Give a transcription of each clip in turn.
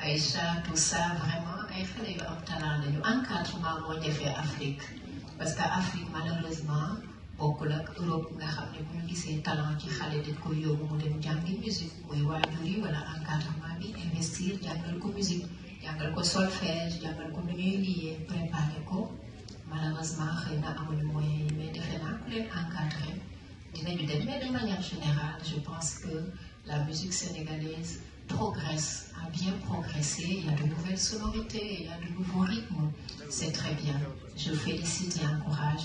Aïcha tout ça vraiment il fallait avoir am talent lañu encadrement moo jafee Afrique parce qu'en Afrique malheureusement beaucoup de Europe nga xam ne qui ñu gisee talent ci xale dañ koy yóbbu dem musique mooy waajur wala encadrement bi investir dans ko musique jàngal ko solfège jàngal ko nu ñuy de préparé ko malheureusement il pas amuñu moyens yi mais defe naa ku leen mais de manière générale je pense que la musique sénégalaise progresse, a bien progressé. Il y a de nouvelles sonorités, il y a de nouveaux rythmes. C'est très bien. Je félicite et encourage.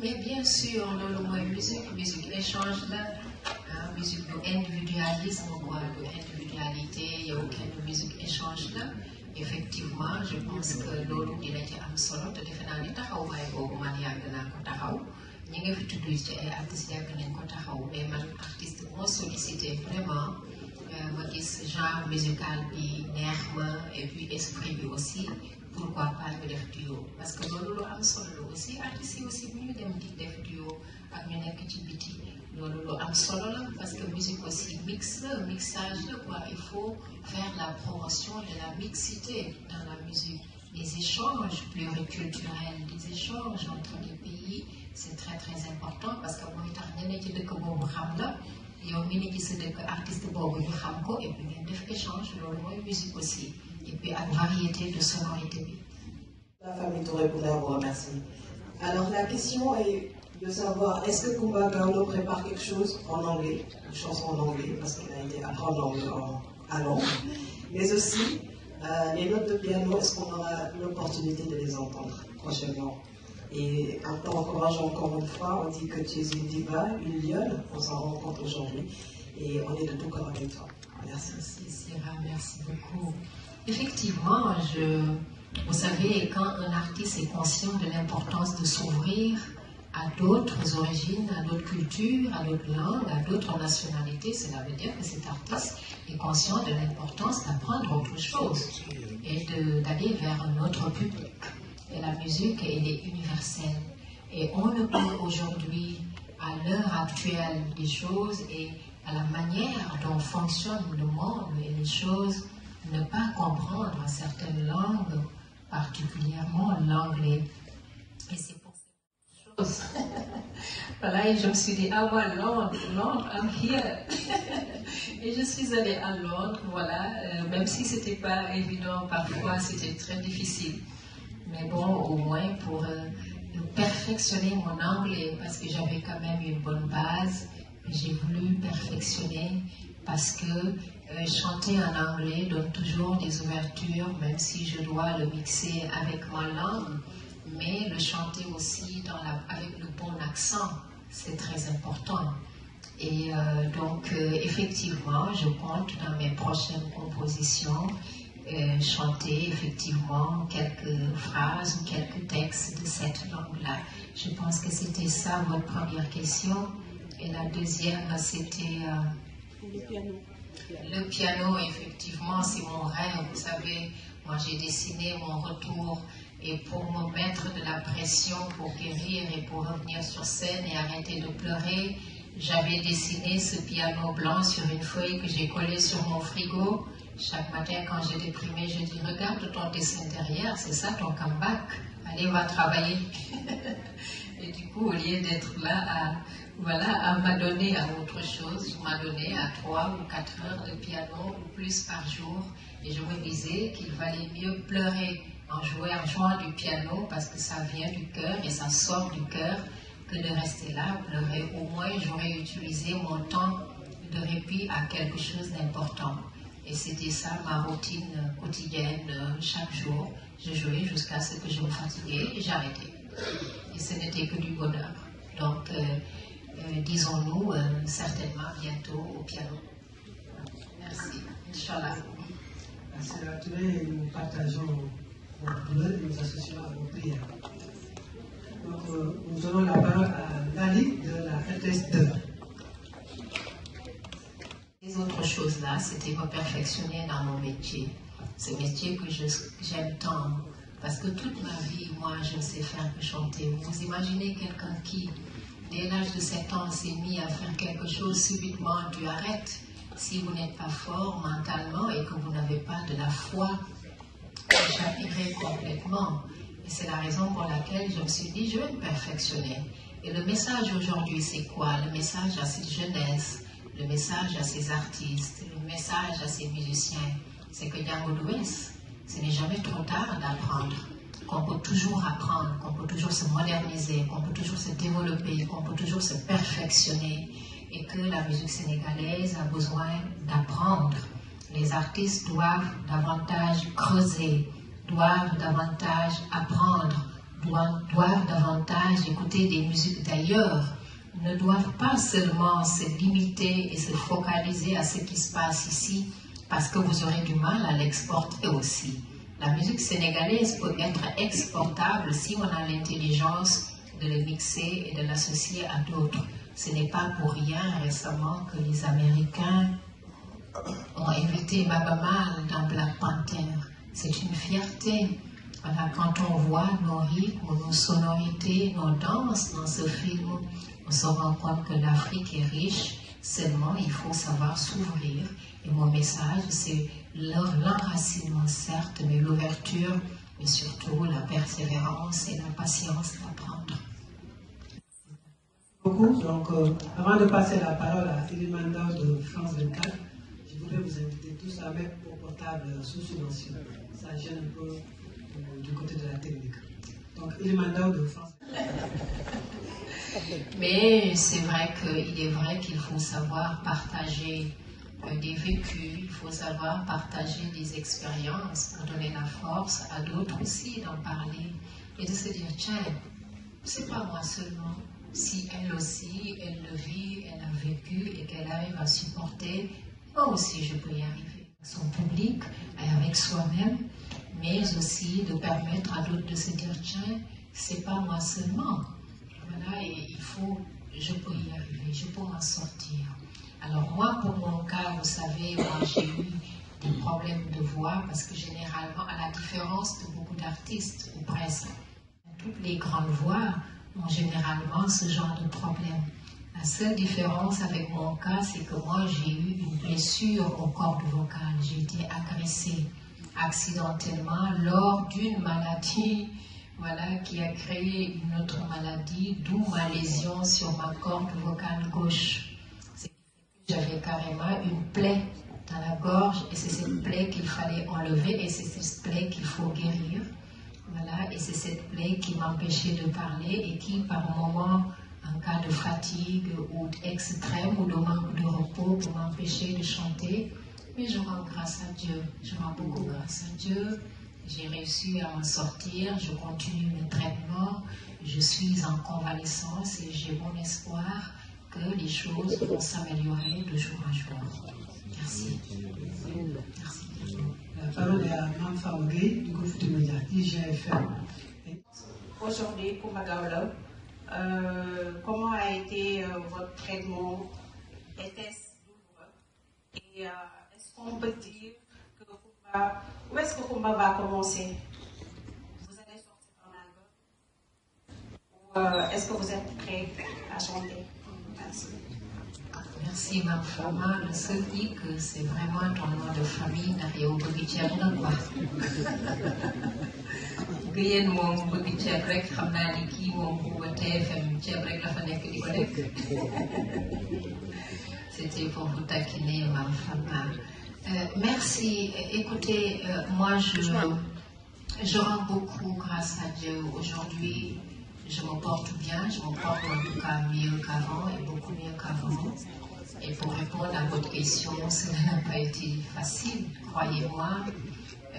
Mais bien sûr, le mot musique, musique échange là, hein, musique individualisme, la de individualité, il n'y a aucune musique échange là. Effectivement, je pense que l'eau, il a été absolue, de a l'état, ou bien, ñi nga fi eh, artiste ci ay artistes yàgg nañ ko taxaw mais man artiste bu ma sollicité vraiment eh, ma gis genre musical bi neex ma et puis esprit bi aussi pourquoi pas ñu def duo parce que loolu loo am solo aussi artistes yi aussi bu ñu dem di def duo ak ñu nekk ci biti loolu lu am solo la parce que musique aussi mix la mixage la quoi il faut faire la promotion de la mixité dans la musique les échanges pluriculturels, les échanges entre les pays, c'est très très important parce que mooy tax ñeneen ci dëkk boobu xam la yow des artistes ci sa dëkk artiste boobu ñu xam ko et puis des échanges échange loolu mooy musique aussi et puis la variété de sonorités. La famille Touré Boula vous remercie. Alors la question est de savoir est-ce que Kumba prépare quelque chose en anglais, une chanson en anglais parce qu'elle a été apprendre en à Londres, mais aussi euh, les notes de piano, est-ce qu'on aura l'opportunité de les entendre prochainement Et un peu encourageant encore une fois, on dit que tu es une diva, une lionne, on s'en rend compte aujourd'hui, et on est de tout corps avec toi. Merci. Merci merci beaucoup. Effectivement, je, vous savez, quand un artiste est conscient de l'importance de s'ouvrir, à d'autres origines, à d'autres cultures, à d'autres langues, à d'autres nationalités. Cela veut dire que cet artiste est conscient de l'importance d'apprendre autre chose et d'aller vers un autre public. Et la musique, elle est universelle. Et on le peut aujourd'hui, à l'heure actuelle des choses et à la manière dont fonctionne le monde et les choses, ne pas comprendre certaines langues, particulièrement l'anglais. Et c'est voilà, et je me suis dit, ah moi, Londres, Londres, I'm here. et je suis allée à Londres, voilà, euh, même si ce n'était pas évident, parfois c'était très difficile. Mais bon, au moins pour euh, perfectionner mon anglais, parce que j'avais quand même une bonne base, j'ai voulu perfectionner parce que euh, chanter en anglais donne toujours des ouvertures, même si je dois le mixer avec ma langue mais le chanter aussi dans avec le bon accent, c'est très important. Et euh, donc, euh, effectivement, je compte dans mes prochaines compositions euh, chanter effectivement quelques phrases, quelques textes de cette langue-là. Je pense que c'était ça votre première question. Et la deuxième, c'était... le piano. Le piano, effectivement, c'est mon rêve. Vous savez, moi j'ai dessiné mon retour et pour me mettre de la pression pour guérir et pour revenir sur scène et arrêter de pleurer, j'avais dessiné ce piano blanc sur une feuille que j'ai collée sur mon frigo. Chaque matin, quand j'étais déprimé, je dis Regarde ton dessin derrière, c'est ça ton comeback. Allez, va travailler. et du coup, au lieu d'être là à, voilà, à m'adonner à autre chose, je m'adonnais à trois ou quatre heures de piano ou plus par jour. Et je me disais qu'il valait mieux pleurer en, jouer, en jouant du piano parce que ça vient du cœur et ça sort du cœur que de rester là. Au moins, j'aurais utilisé mon temps de répit à quelque chose d'important. Et c'était ça ma routine quotidienne. Chaque jour, je jouais jusqu'à ce que je me fatiguais et j'arrêtais. Et ce n'était que du bonheur. Donc, euh, euh, disons-nous euh, certainement bientôt au piano. Merci. Inch'Allah. Merci à tous nous partageons nous nous associons à Donc, euh, nous donnons la parole à Nali de la Fête 2 Les autres choses là, c'était me perfectionner dans mon métier. Ce métier que j'aime tant. Parce que toute ma vie, moi, je sais faire que chanter. Vous imaginez quelqu'un qui, dès l'âge de 7 ans, s'est mis à faire quelque chose, subitement, tu arrêtes. Si vous n'êtes pas fort mentalement et que vous n'avez pas de la foi, complètement. Et c'est la raison pour laquelle je me suis dit, je vais me perfectionner. Et le message aujourd'hui, c'est quoi Le message à cette jeunesse, le message à ces artistes, le message à ces musiciens, c'est que Django Louis, ce n'est jamais trop tard d'apprendre, qu'on peut toujours apprendre, qu'on peut toujours se moderniser, qu'on peut toujours se développer, qu'on peut toujours se perfectionner et que la musique sénégalaise a besoin d'apprendre. Les artistes doivent davantage creuser, doivent davantage apprendre, doivent, davantage écouter des musiques d'ailleurs, ne doivent pas seulement se limiter et se focaliser à ce qui se passe ici, parce que vous aurez du mal à l'exporter aussi. La musique sénégalaise peut être exportable si on a l'intelligence de le mixer et de l'associer à d'autres. Ce n'est pas pour rien récemment que les Américains ont invité Mal dans Black Panther. C'est une fierté. quand on voit nos rythmes, nos sonorités, nos danses dans ce film, on se rend compte que l'Afrique est riche, seulement il faut savoir s'ouvrir. Et mon message, c'est l'enracinement, certes, mais l'ouverture, mais surtout la persévérance et la patience d'apprendre. Beaucoup. Donc, euh, avant de passer la parole à Philippe Mandor de France 24, voudrais vous inviter tous à mettre vos portables sous silencieux. Ça gêne un peu euh, du côté de la technique. Donc, il est de France. Mais c'est vrai qu'il est vrai qu'il faut savoir partager euh, des vécus, il faut savoir partager des expériences pour donner la force à d'autres aussi d'en parler et de se dire tiens, c'est pas moi seulement. Si elle aussi, elle le vit, elle a vécu et qu'elle arrive à supporter moi aussi, je peux y arriver. Son public, euh, avec soi-même, mais aussi de permettre à d'autres de se dire c'est pas moi seulement. Voilà, il faut, je peux y arriver, je peux m'en sortir. Alors, moi, pour mon cas, vous savez, moi, j'ai eu des problèmes de voix parce que généralement, à la différence de beaucoup d'artistes, ou presque, toutes les grandes voix ont généralement ce genre de problème. La seule différence avec mon cas, c'est que moi, j'ai eu une blessure au corps vocal. J'ai été agressée accidentellement lors d'une maladie voilà, qui a créé une autre maladie, d'où ma lésion sur ma corde vocale gauche. J'avais carrément une plaie dans la gorge et c'est cette plaie qu'il fallait enlever et c'est cette plaie qu'il faut guérir. Voilà, et c'est cette plaie qui m'empêchait de parler et qui, par moments, cas de fatigue ou extrême ou de manque de repos pour m'empêcher de chanter. Mais je rends grâce à Dieu. Je rends beaucoup grâce à Dieu. J'ai réussi à m'en sortir. Je continue mes traitements. Je suis en convalescence et j'ai bon espoir que les choses vont s'améliorer de jour en jour. Merci. Merci. La parole est à Mme Faougué du groupe de médias IGFM. Aujourd'hui, pour Magaola, euh, comment a été euh, votre traitement Était-ce douloureux Et euh, est-ce qu'on peut dire que le où est-ce que le va commencer Vous allez sortir un album Ou est-ce que vous êtes prêt à chanter Merci. Merci, ma femme. Le seul dit que c'est vraiment un nom de famille, Nario Bogichiano, quoi. bëgg ceeb rek xam naa ni kii moom buuba TFM ceeb la fa nekk di ko def c'était pour vous taquiner ma femme. Euh, merci écoutez euh, moi je je rends beaucoup grâce à Dieu aujourd'hui je me porte bien je me porte en tout cas mieux qu'avant et beaucoup mieux qu'avant et pour répondre à votre question ça n'a pas été facile croyez-moi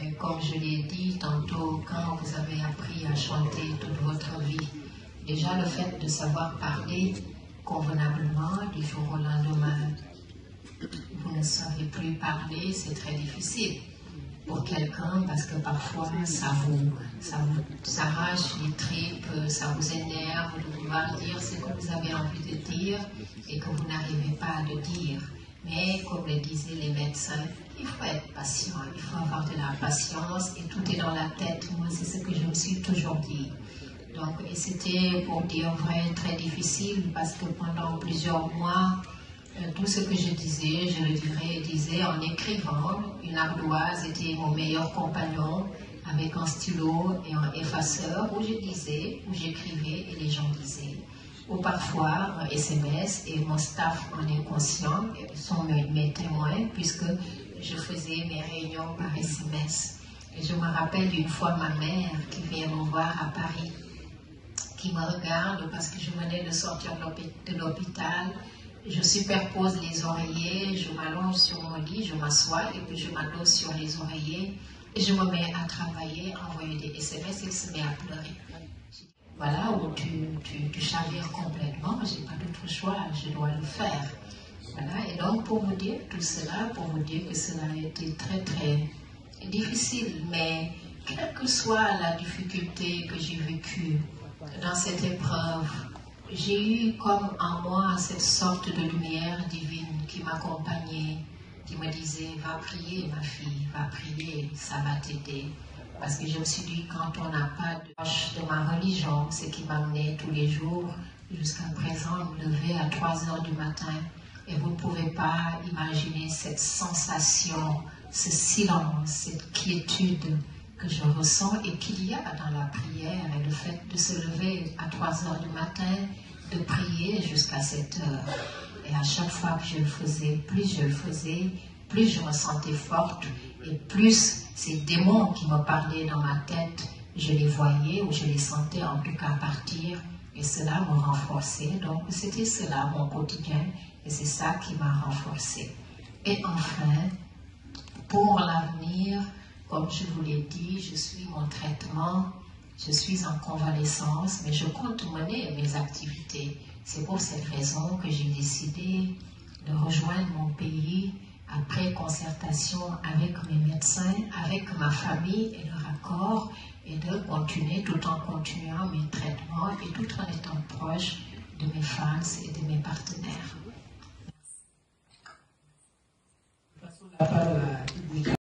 euh, comme je l'ai dit tantôt, quand vous avez appris à chanter toute votre vie, déjà le fait de savoir parler convenablement du jour au lendemain, vous ne savez plus parler, c'est très difficile pour quelqu'un parce que parfois ça vous, ça vous arrache les tripes, ça vous énerve de pouvoir dire ce que vous avez envie de dire et que vous n'arrivez pas à le dire. Mais comme le disaient les médecins, il faut être patient, il faut avoir de la patience et tout est dans la tête. Moi, c'est ce que je me suis toujours dit. Donc, c'était, pour dire vrai, très difficile parce que pendant plusieurs mois, euh, tout ce que je disais, je le dirais, disais en écrivant. Une ardoise était mon meilleur compagnon avec un stylo et un effaceur où je disais, où j'écrivais et les gens disaient ou parfois SMS, euh, et mon staff en est conscient, sont mes, témoins, puisque je faisais mes réunions par SMS. Et je me rappelle une fois ma mère qui vient me voir à Paris, qui me regarde parce que je venais de sortir de l'hôpital. Je superpose les oreillers, je m'allonge sur mon lit, je m'assois et puis je m'adosse sur les oreillers et je me mets à travailler, à envoyer des SMS et elle se met à pleurer voilà, où tu, tu, chavires complètement, j'ai pas d'autre choix, je dois le faire. Voilà, et donc pour me dire tout cela, pour me dire que cela a été très très difficile, mais quelle que soit la difficulté que j'ai vécue dans cette épreuve, j'ai eu comme en moi cette sorte de lumière divine qui m'accompagnait, qui me disait, va prier ma fille, va prier, ça va t'aider. Parce que je me suis dit, quand on n'a pas de de ma religion, ce qui m'amenait tous les jours jusqu'à présent, me lever à 3 heures du matin, et vous ne pouvez pas imaginer cette sensation, ce silence, cette quiétude que je ressens et qu'il y a dans la prière et le fait de se lever à 3 heures du matin, de prier jusqu'à cette heure. Et à chaque fois que je le faisais, plus je le faisais, plus je me sentais forte et plus ces démons qui me parlaient dans ma tête, je les voyais ou je les sentais en tout cas partir et cela me renforçait. Donc c'était cela mon quotidien et c'est ça qui m'a renforcée. Et enfin, pour l'avenir, comme je vous l'ai dit, je suis en traitement, je suis en convalescence, mais je compte mener mes activités. C'est pour cette raison que j'ai décidé de rejoindre mon pays après concertation avec mes médecins, avec ma famille et leur accord, et de continuer tout en continuant mes traitements et tout en étant proche de mes fans et de mes partenaires.